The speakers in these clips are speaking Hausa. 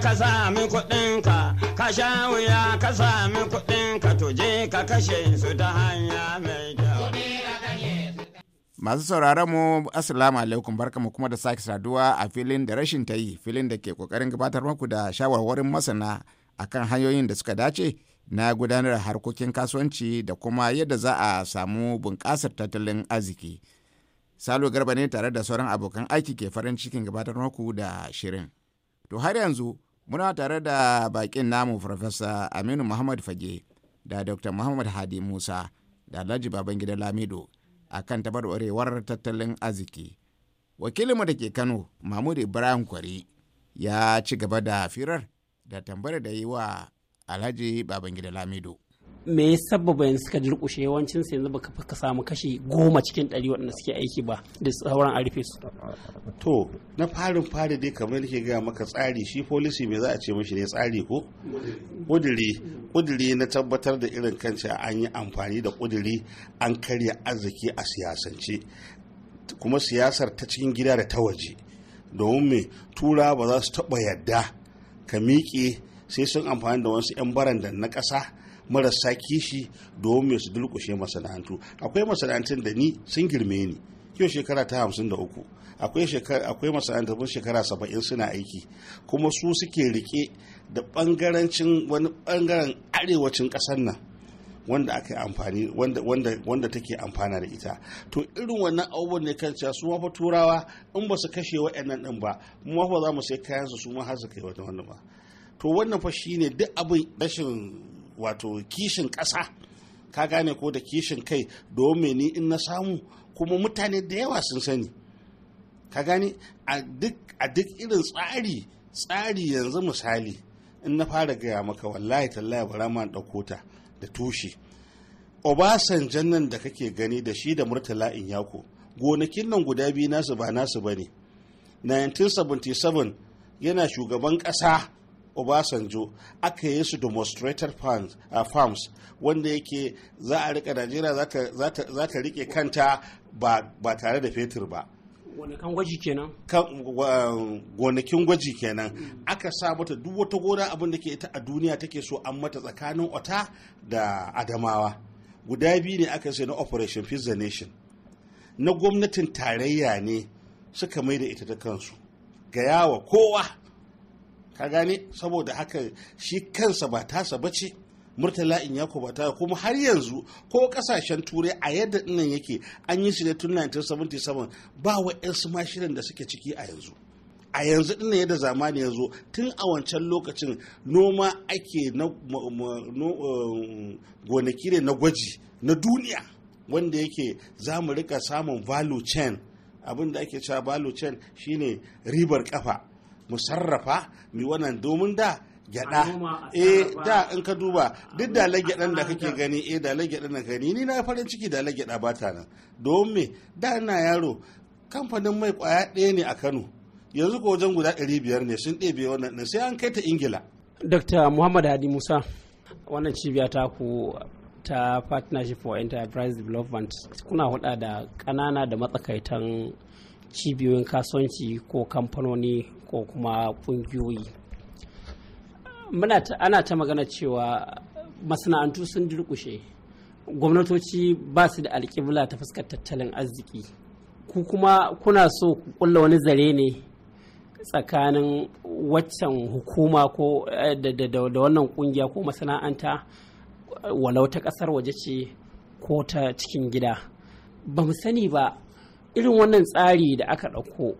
ka sami kuɗinka ka sha wuya ka sami kuɗinka to je ka kashe su ta hanya mai masu sauraron mu assalamu alaikum barkamu kuma da sake saduwa a filin da rashin ta yi filin da ke kokarin gabatar muku da shawarwarin masana a kan hanyoyin da suka dace na gudanar harkokin kasuwanci da kuma yadda za a samu bunƙasar tattalin arziki. Salo Garba ne tare da sauran abokan aiki ke farin cikin gabatar muku da shirin. to har yanzu muna tare da bakin namu farfesa aminu muhammad fage da dr muhammad hadi musa da alhaji babangida lamido a kan tabarwarewar tattalin arziki wakilinmu da ke kano mahmud ibrahim kwari ya ci gaba da firar da tambayar da yi wa alhaji babangida lamido me ya sababa yanzu suka durƙushe yawancin su yanzu baka ka samu kashi goma cikin ɗari waɗanda suke aiki ba da sauran a rufe su. To na farin fari dai kamar yake gaya maka tsari shi policy me za a ce mashi ne tsari ko? Ƙudiri ƙudiri na tabbatar da irin kanci an yi amfani da ƙudiri an karya arziki a siyasance kuma siyasar ta cikin gida da ta waje domin me tura ba za su taɓa yadda ka miƙe sai sun amfani da wasu 'yan barandan na ƙasa marasa kishi domin su dulkushe masana'antu akwai masana'antun da ni sun girme ni yau shekara ta hamsin da uku akwai masana'antar masana'antar shekara saba'in suna aiki kuma su suke rike da bangarancin wani bangaren arewacin kasar nan wanda aka amfani wanda take amfana da ita to irin wannan abubuwan ne kan cewa su mafa turawa in ba su kashe wa'annan din ba mu mafa za mu sai kayan su su ma har su kai wata wannan ba to wannan fa shine duk abin rashin wato kishin ƙasa ka gane ko da kishin kai domin ni in na samu kuma mutane da yawa sun sani ka gane a duk irin tsari tsari yanzu misali in na fara gaya maka wallahi tallahi bara ma ɗauko ta da tushe obasanjan nan da kake gani da shi da murtala in yako gonakin nan guda biyu nasu ba nasu ba ne 1977 yana shugaban ƙasa obasanjo aka yi su demonstrator uh, farms wanda yake za a rika najeriya za ta rike kanta ba tare da fetur ba gonakin gwaji kenan gonakin gwaji kenan aka sa mata duk wata gona abin da ke ita a duniya take so an mata tsakanin ota da adamawa guda biyu ne aka sai na operation fizz nation na gwamnatin tarayya ne suka mai da ita ta kansu ga yawa kowa ka gane saboda haka shi kansa ba tasa bace murtala in yako ba ta kuma har yanzu ko kasashen turai a yadda dinnan yake an yi shi ne tun 1977 ba wa 'yansu ma da suke ciki a yanzu a yanzu dinnan yadda zamani ya zo tun a wancan lokacin noma ake na um, gonaki ne na gwaji na duniya wanda yake za mu rika samun value chain abin da ake cewa value chain shine ribar kafa Musarrafa sarrafa wannan domin da gyada eh da in ka duba duk dalar gyadan da kake gani eh dalar gyadan da gani ni na farin ciki dalar gyada ba ta nan domin me da ina yaro kamfanin mai kwaya ɗaya ne a Kano yanzu ko wajen guda 500 ne sun ɗebe wannan din sai an kai ta Ingila Dr. Muhammad Hadi Musa wannan cibiya ta ku ta partnership for enterprise development kuna hulɗa da ƙanana da matsakaitan cibiyoyin kasuwanci ko kamfanoni ko kuma ƙungiyoyi ana ta magana cewa masana'antu sun durƙushe gwamnatoci ba su da alkibla ta fuskar tattalin arziki ku kuma kuna so ku kulla wani zare ne tsakanin waccan hukuma ko eh, da wannan kungiya ko masana'anta walau ta ƙasar waje ce ko ta cikin gida ba mu sani ba irin wannan tsari da aka ɗauko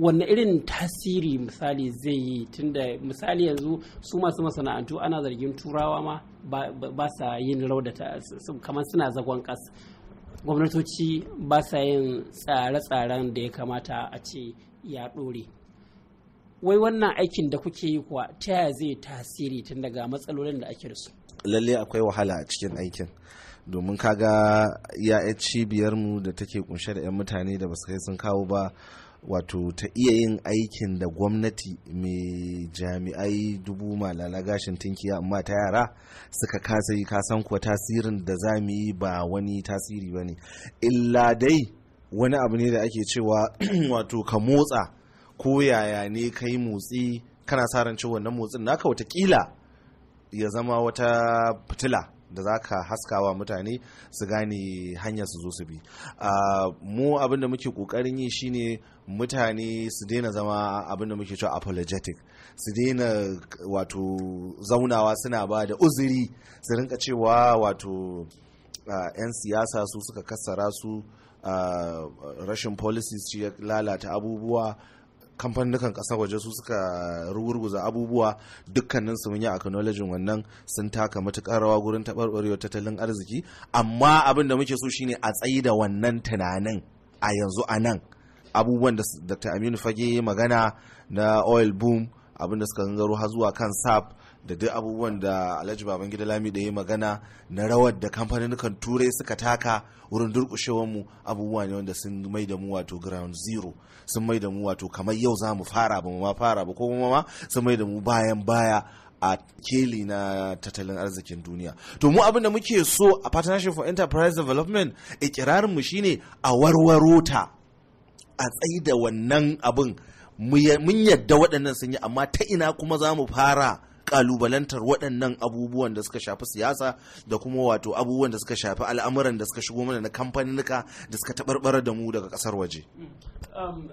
wanne irin tasiri misali zai yi tunda misali yanzu su masu masana'antu ana zargin turawa ma ba sa yin raudata kamar suna zagon ƙasa gwamnatoci ba sa yin tsare-tsaren da ya kamata a ce ya ɗore wai wannan aikin da kuke yi kuwa ta yaya zai tasiri tun daga matsalolin da ake da su lalle akwai wahala a cikin aikin domin kaga ya cibiyarmu da take kunshe da 'yan mutane da ba su kai sun kawo ba wato ta iya yin aikin da gwamnati mai jami'ai dubu malala gashin tinkiya amma ta yara suka kasa yi kasan kuwa tasirin da za mu yi ba wani tasiri ba ne illa dai wani abu ne da ake cewa wato ka motsa ko yaya ne ka yi motsi kana sa ran cewa wannan motsin naka watakila ya zama wata fitila da za ka haskawa mutane su gane hanyar su zo su bi mu abin da muke kokarin yi shine mutane su daina zama abin da muke cewa apologetic su daina wato zaunawa suna ba da uzuri su rinka cewa wato 'yan siyasa su suka kassara su rashin policies ya lalata abubuwa kamfanin kasar waje su suka rugurguza abubuwa dukkanin su yi acknowledging wannan sun taka matukar rawa gurin taɓarɓarewar tattalin arziki amma abin da muke so shine a tsayi da wannan tunanin a yanzu a nan abubuwan da dr aminu fage magana na oil boom abin da suka gangaro har zuwa kan sap da duk abubuwan da alhaji baban gida lami da ya magana na rawar da kamfanin turai suka taka wurin durkushewar mu abubuwa ne wanda sun mai da mu wato ground zero sun mai da mu wato kamar yau za mu fara ba mu ma fara ba ko kuma ma sun mai da mu bayan baya a keli na tattalin arzikin duniya to mu abin da muke so a partnership for enterprise development ikirarin mu shine a warwaro ta a tsayi da wannan abin mun yadda waɗannan sun yi amma ta ina kuma za mu fara kalubalantar waɗannan abubuwan da suka shafi siyasa da kuma wato abubuwan da suka shafi al'amuran da suka shigo mana na kamfaninnika da suka taɓarɓara da mu daga ƙasar waje. Um,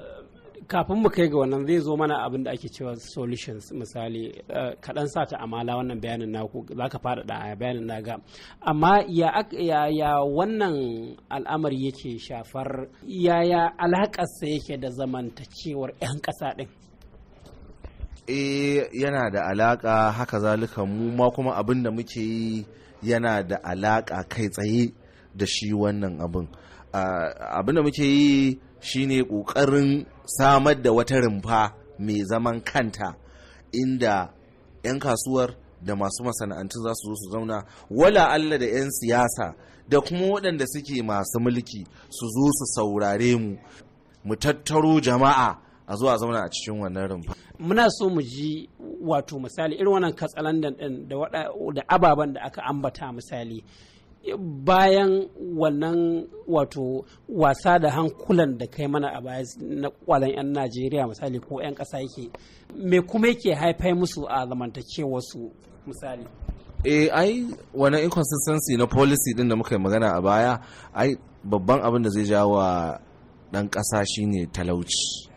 kafin mu kai ga wannan zai zo mana abin da ake cewa solutions misali uh, kaɗan sa ta amala wannan bayanin naku za ka fara da bayanin naga amma ya ya wannan al'amari yake shafar yaya alakarsa yake da zamantacewar 'yan ƙasa ɗin E, yana da alaka haka zalika mu ma kuma abin da muke yi yana da alaka kai tsaye da shi wannan abin ah, abin da muke yi shine kokarin samar da wata rumfa mai zaman kanta inda 'yan kasuwar da masu masana'antu za su zo su zauna wala Allah da 'yan siyasa da kuma waɗanda suke masu mulki su zo su saurare mu mu tattaro jama'a a zuwa zauna a cikin wannan rumfa muna so mu ji wato misali irin wannan katsalandan da ababen da aka ambata misali bayan wannan wato wasa da hankulan da kai mana a baya na kwalan 'yan najeriya misali ko 'yan ƙasa yake me kuma yake haifai musu a zamantakewarsu misali e ai wani inconsistency na policy din da muka yi magana a baya ai babban abin da zai jawo wa ɗan ƙasa shine talauci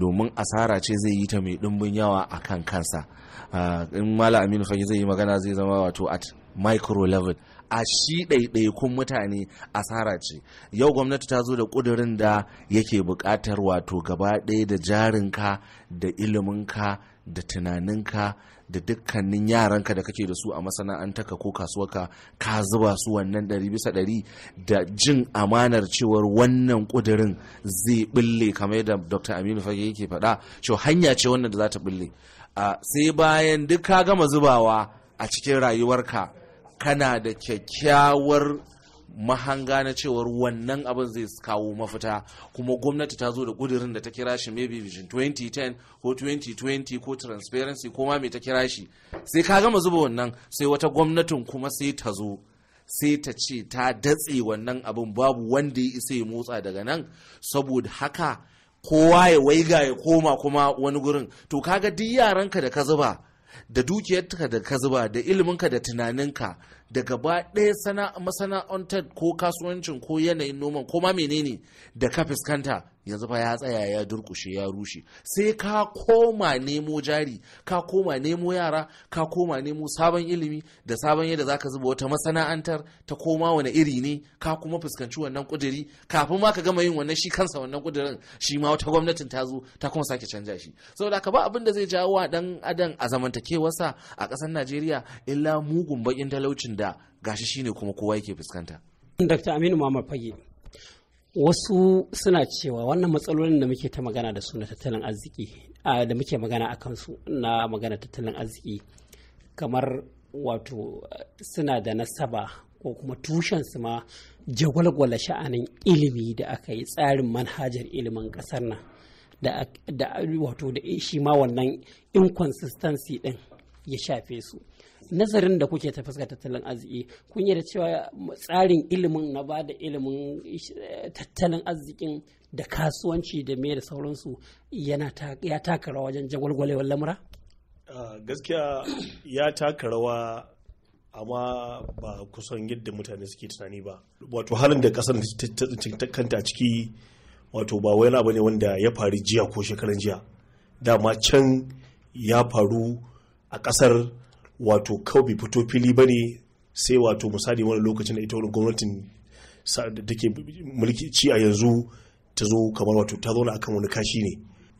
domin asara ce zai yi ta mai ɗumbin yawa a kan kansa ah, in mala aminu fage zai yi magana zai zama wato at micro level a shi ɗaiɗaikun mutane asara ce yau gwamnati ta zo da ƙudurin da yake buƙatar wato gaba ɗaya da jarinka da iliminka da tunaninka da dukkanin yaranka da kake da su a masana'antaka ko kasuwarka ka zuba su wannan ɗari bisa ɗari da jin amanar cewar wannan ƙudurin zai bille kamar yadda dr aminu fage yake faɗa cewa hanya ce wannan da za ta ɓille sai bayan duk ka gama zubawa a cikin rayuwarka kana da kyakkyawar mahanga na cewar wannan abin zai kawo mafita kuma gwamnati ta zo da kudirin da ta kira shi maybe vision 2010 ko 2020 ko transparency ko ma mai ta kira shi sai ka gama zuba wannan sai wata gwamnatin kuma sai ta zo sai ta ce ta datse wannan abin babu wanda ya isa ya motsa daga nan saboda haka kowa ya waiga ya koma kuma wani gurin to kaga duk yaranka da ka zuba da dukiyarka da ka zuba da iliminka da tunaninka da gaba ɗaya masana'antar ko kasuwancin ko yanayin noman ko ma menene da ka fuskanta yanzu fa ya tsaya ya durkushe ya rushe sai ka koma nemo jari ka koma nemo yara ka koma nemo sabon ilimi da sabon yadda zaka zuba wata masana'antar ta koma wani iri ne ka kuma fuskanci wannan kuduri kafin ma ka gama yin wannan shi kansa wannan kudirin shi ma wata gwamnatin ta zo ta kuma sake canja shi saboda ka ba abin da zai jawo wa dan adam a zamantakewarsa a ƙasar Najeriya illa mugun bakin talaucin wanda gashi shine kuma kowa yake fuskanta Dr. Aminu Muhammad Fage wasu suna cewa wannan matsalolin da muke ta magana da su na tattalin arziki da muke magana a kansu na magana tattalin arziki kamar wato suna da nasaba ko kuma tushensu ma jagwalgwala sha'anin ilimi da aka yi tsarin manhajar ilimin ƙasar nan da wato da shi ma wannan inconsistency din ya shafe su nazarin da kuke ta fuskar tattalin arziki kun da cewa tsarin ilimin na ba da ilimin eh, tattalin arzikin da kasuwanci da me da sauransu ya taka rawa wajen jagwalgwalewar lamura gaskiya ya taka rawa amma ba kusan yadda mutane suke tunani ba wato halin da kasar ta kanta ciki wato ba wani abu wanda ya faru jiya ko shekaran jiya dama can ya faru a kasar wato kawai fito fili ba ne sai wato misali wani lokacin da ita wani gwamnatin da take mulki ci a yanzu ta zo kamar wato ta zauna akan wani kashi ne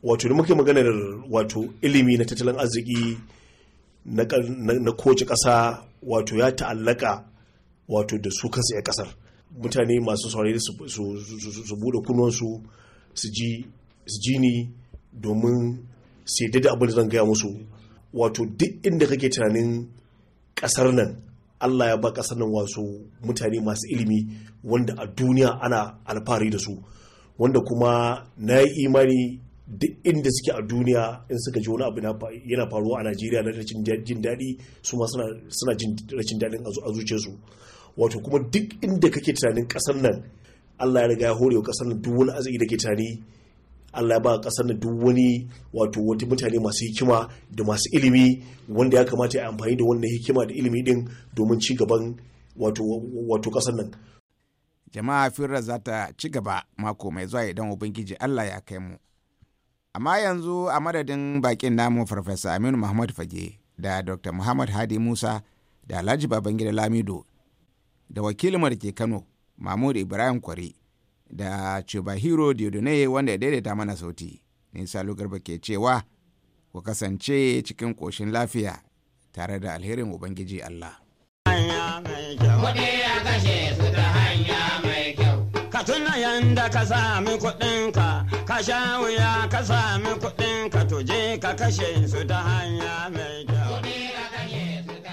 wato da muke da wato ilimi na tattalin arziki na kowace kasa wato ya ta'allaka wato da su kansu 'yan ƙasar mutane masu saurari su bude kunuwansu su ji ni domin su yi da abin da zan gaya musu wato duk inda kake tunanin ƙasar nan allah ya ba kasar nan wasu mutane masu ilimi wanda a duniya ana alfahari da su wanda kuma na yi imani duk inda suke a duniya in suka ji wani abu yana faruwa a najeriya na rashin jin daɗi su ma suna jin rashin daɗin a zuciyarsu wato kuma duk inda kake tunanin kasar nan allah ya riga ya hore wa ƙasar nan duk wani arziki da ke tunani Allah ya ba kasar na duk wani wato wata mutane masu hikima da masu ilimi wanda ya kamata ya amfani da wannan hikima da ilimi din domin ci gaban wato kasar nan jama'a firra za ta ci gaba mako mai zuwa idan ubangiji Allah ya kai mu amma yanzu a madadin bakin namu farfesa Aminu Muhammad Fage da Dr. Muhammad Hadi Musa da Alhaji Babangida Lamido da wakilin da ke Kano Mahmud Ibrahim Kwari da Chubahiro Diodone wanda ya daidaita mana sauti. Nisa Garba ke cewa ku kasance cikin koshin lafiya tare da alherin Ubangiji Allah. Ka tuna yanda ka sami kuɗinka, ka sha wuya ka sami kuɗinka, to je ka kashe su ta hanya mai kyau.